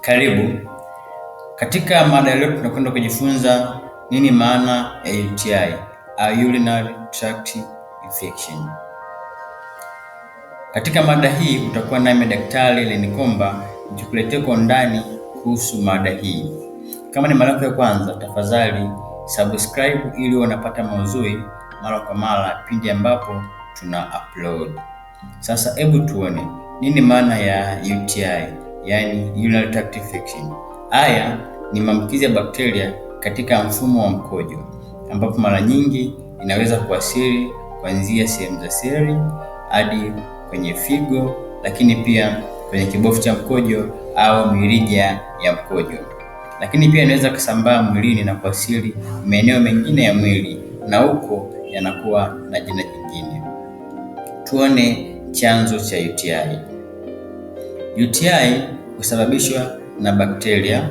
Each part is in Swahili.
Karibu. Katika mada leo tunakwenda kujifunza nini maana ya UTI, a urinary tract infection. Katika mada hii utakuwa naye Daktari Lenikomba nikuletee kwa undani kuhusu mada hii. Kama ni mara yako ya kwanza, tafadhali subscribe ili unapata mauzui mara kwa mara pindi ambapo tuna upload. Sasa hebu tuone nini maana ya UTI yani urinary tract infection. Haya ni maambukizi ya bakteria katika mfumo wa mkojo, ambapo mara nyingi inaweza kuathiri kuanzia sehemu za siri hadi kwenye figo, lakini pia kwenye kibofu cha mkojo au mirija ya mkojo. Lakini pia inaweza kusambaa mwilini na kuathiri maeneo mengine ya mwili, na huko yanakuwa na jina jingine. Tuone chanzo cha UTI. UTI husababishwa na bakteria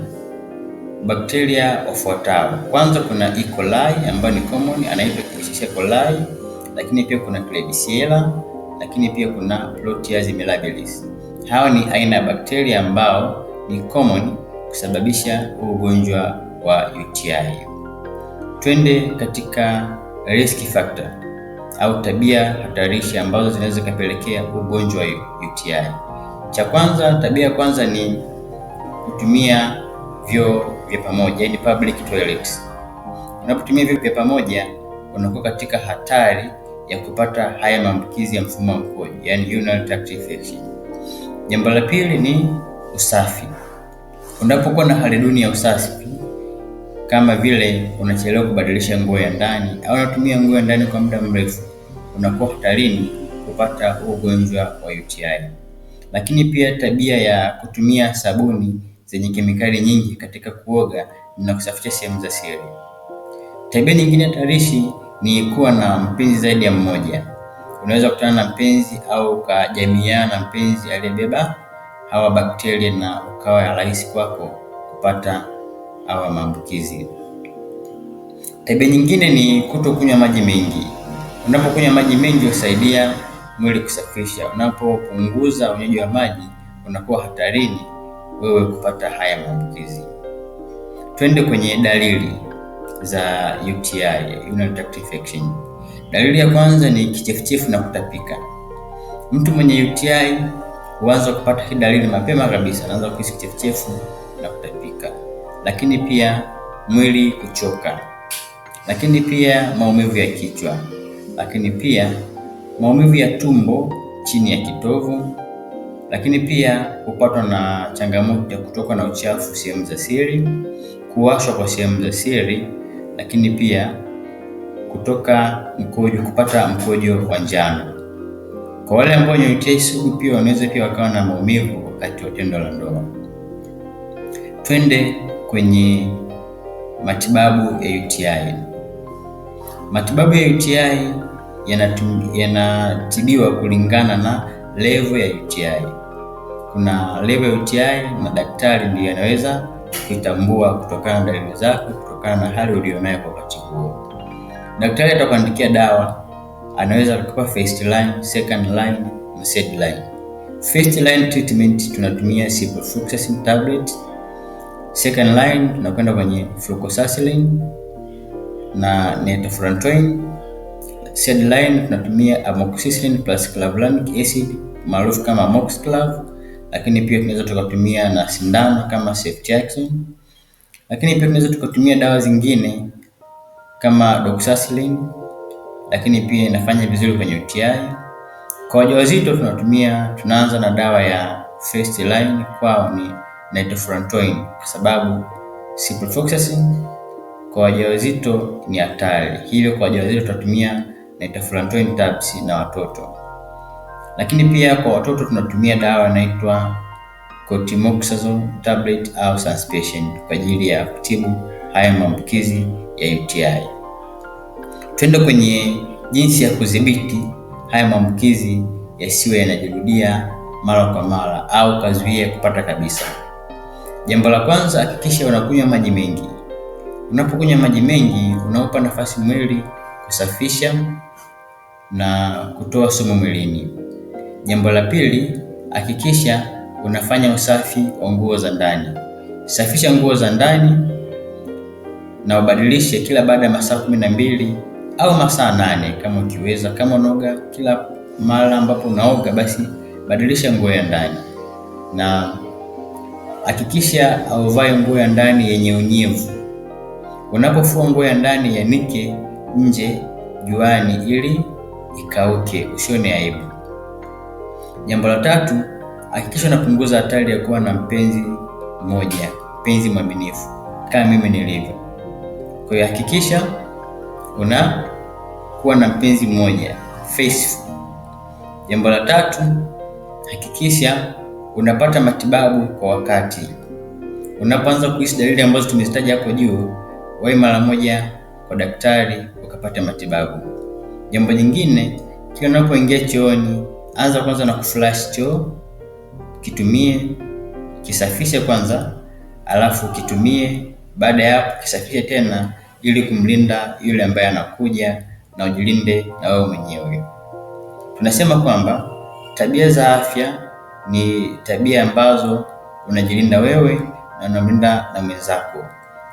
bakteria wafuatao. Kwanza kuna E. coli ambayo ni common, anaitwa Escherichia coli, lakini pia kuna Klebsiella, lakini pia kuna Proteus mirabilis. Hawa ni aina ya bakteria ambao ni common kusababisha ugonjwa wa UTI. Twende katika risk factor au tabia hatarishi ambazo zinaweza kupelekea ugonjwa wa UTI. Cha kwanza, tabia ya kwanza ni kutumia vyoo vya pamoja, yani public toilets. Unapotumia vyoo vya pamoja, unakuwa katika hatari ya kupata haya maambukizi ya mfumo wa mkojo, yani urinary tract infection. Jambo la pili ni usafi. Unapokuwa na hali duni ya usafi, kama vile unachelewa kubadilisha nguo ya ndani au unatumia nguo ya ndani kwa muda mrefu, unakuwa hatarini kupata ugonjwa wa UTI. Lakini pia tabia ya kutumia sabuni zenye kemikali nyingi katika kuoga na kusafisha sehemu za siri. Tabia nyingine hatarishi ni kuwa na mpenzi zaidi ya mmoja. Unaweza kukutana na mpenzi au ukajamiana na mpenzi aliyebeba hawa bakteria na ukawa rahisi kwako kupata hawa maambukizi. Tabia nyingine ni kutokunywa maji mengi. Unapokunywa maji mengi husaidia mwili kusafisha. Unapopunguza unywaji wa maji, unakuwa hatarini wewe kupata haya maambukizi. Twende kwenye dalili za UTI, urinary tract infection. Dalili ya kwanza ni kichefuchefu na kutapika. Mtu mwenye UTI huanza kupata hii dalili mapema kabisa, anaanza kuhisi kichefuchefu na kutapika, lakini pia mwili kuchoka, lakini pia maumivu ya kichwa, lakini pia maumivu ya tumbo chini ya kitovu, lakini pia hupatwa na changamoto ya kutoka na uchafu sehemu za siri, kuwashwa kwa sehemu za siri, lakini pia kutoka mkojo, kupata mkojo wa njano. Kwa wale ambao nyonyotei sugu pia wanaweza pia wakawa na maumivu wakati wa tendo la ndoa. Twende kwenye matibabu ya UTI. Matibabu ya UTI yanatibiwa kulingana na level ya UTI. Kuna level ya UTI na daktari ndiye anaweza kuitambua kutokana na dalili zako, kutokana na hali ulionayo kwa wakati huo. Daktari atakuandikia dawa, anaweza kukupa first line, second line na third line. First line treatment tunatumia ciprofloxacin tablet. Second line tunakwenda kwenye flucloxacillin na nitrofurantoin Third line tunatumia amoxicillin plus clavulanic acid maarufu kama amoxiclav, lakini pia tunaweza tukatumia na sindano kama ceftriaxone, lakini pia tunaweza tukatumia dawa zingine kama doxycycline, lakini pia inafanya vizuri kwenye UTI. Kwa wajawazito tunatumia tunaanza na dawa ya first line kwao ni nitrofurantoin kwa sababu ciprofloxacin kwa wajawazito ni hatari, hivyo kwa wajawazito tunatumia naitaflantoin tabs na watoto. Lakini pia kwa watoto tunatumia dawa inaitwa cotrimoxazole tablet au suspension kwa ajili ya kutibu haya maambukizi ya UTI. Twende kwenye jinsi ya kudhibiti haya maambukizi yasiwe yanajirudia mara kwa mara au kazuia kupata kabisa. Jambo la kwanza, hakikisha unakunywa maji mengi. Unapokunywa maji mengi, unaupa nafasi mwili kusafisha na kutoa sumu mwilini. Jambo la pili, hakikisha unafanya usafi wa nguo za ndani. Safisha nguo za ndani na ubadilishe kila baada ya masaa kumi na mbili au masaa nane kama ukiweza. Kama unaoga kila mara ambapo unaoga, basi badilisha nguo ya ndani, na hakikisha auvae nguo ya ndani yenye unyevu. Unapofua nguo ya ndani ya nike nje juani ili ikauke, usione aibu. Jambo la tatu, hakikisha unapunguza hatari ya kuwa na mpenzi mmoja, mpenzi mwaminifu kama mimi nilivyo. Kwa hiyo hakikisha una kuwa na mpenzi mmoja faithful. Jambo la tatu, hakikisha unapata matibabu kwa wakati. Unapoanza kuhisi dalili ambazo tumezitaja hapo juu, wahi mara moja kwa daktari ukapata matibabu. Jambo jingine, kila unapoingia chooni, anza kwanza na kuflush choo, kitumie kisafishe kwanza, alafu kitumie. Baada ya hapo, kisafishe tena, ili kumlinda yule ambaye anakuja na ujilinde na wewe mwenyewe. Tunasema kwamba tabia za afya ni tabia ambazo unajilinda wewe na unamlinda na mwenzako,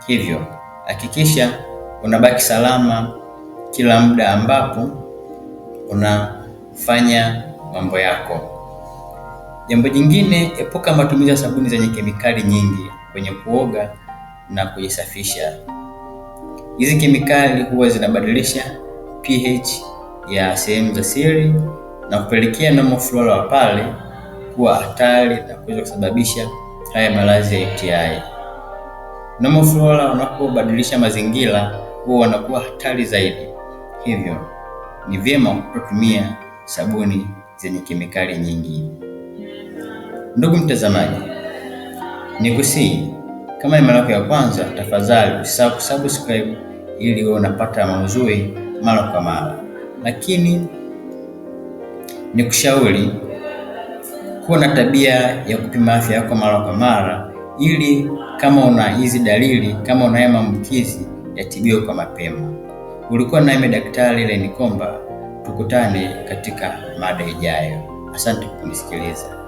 hivyo hakikisha unabaki salama kila muda ambapo unafanya mambo yako. Jambo jingine, epuka matumizi ya sabuni zenye kemikali nyingi kwenye kuoga na kujisafisha. Hizi kemikali huwa zinabadilisha pH ya sehemu za siri na kupelekea normal flora wa pale kuwa hatari na kuweza kusababisha haya maradhi ya UTI. Normal flora unapobadilisha mazingira huwa wanakuwa hatari zaidi. Hivyo ni vyema kutotumia sabuni zenye kemikali nyingi. Ndugu mtazamaji, ni kusii kama ni mara yako ya kwanza, tafadhali usisahau kusubscribe ili uwe unapata mauzui mara kwa mara, lakini ni kushauri kuwa na tabia ya kupima afya yako mara kwa mara, ili kama una hizi dalili, kama una maambukizi yatibiwe kwa mapema. Ulikuwa nami Daktari Lenikomba, tukutane katika mada ijayo. Asante kwa kunisikiliza.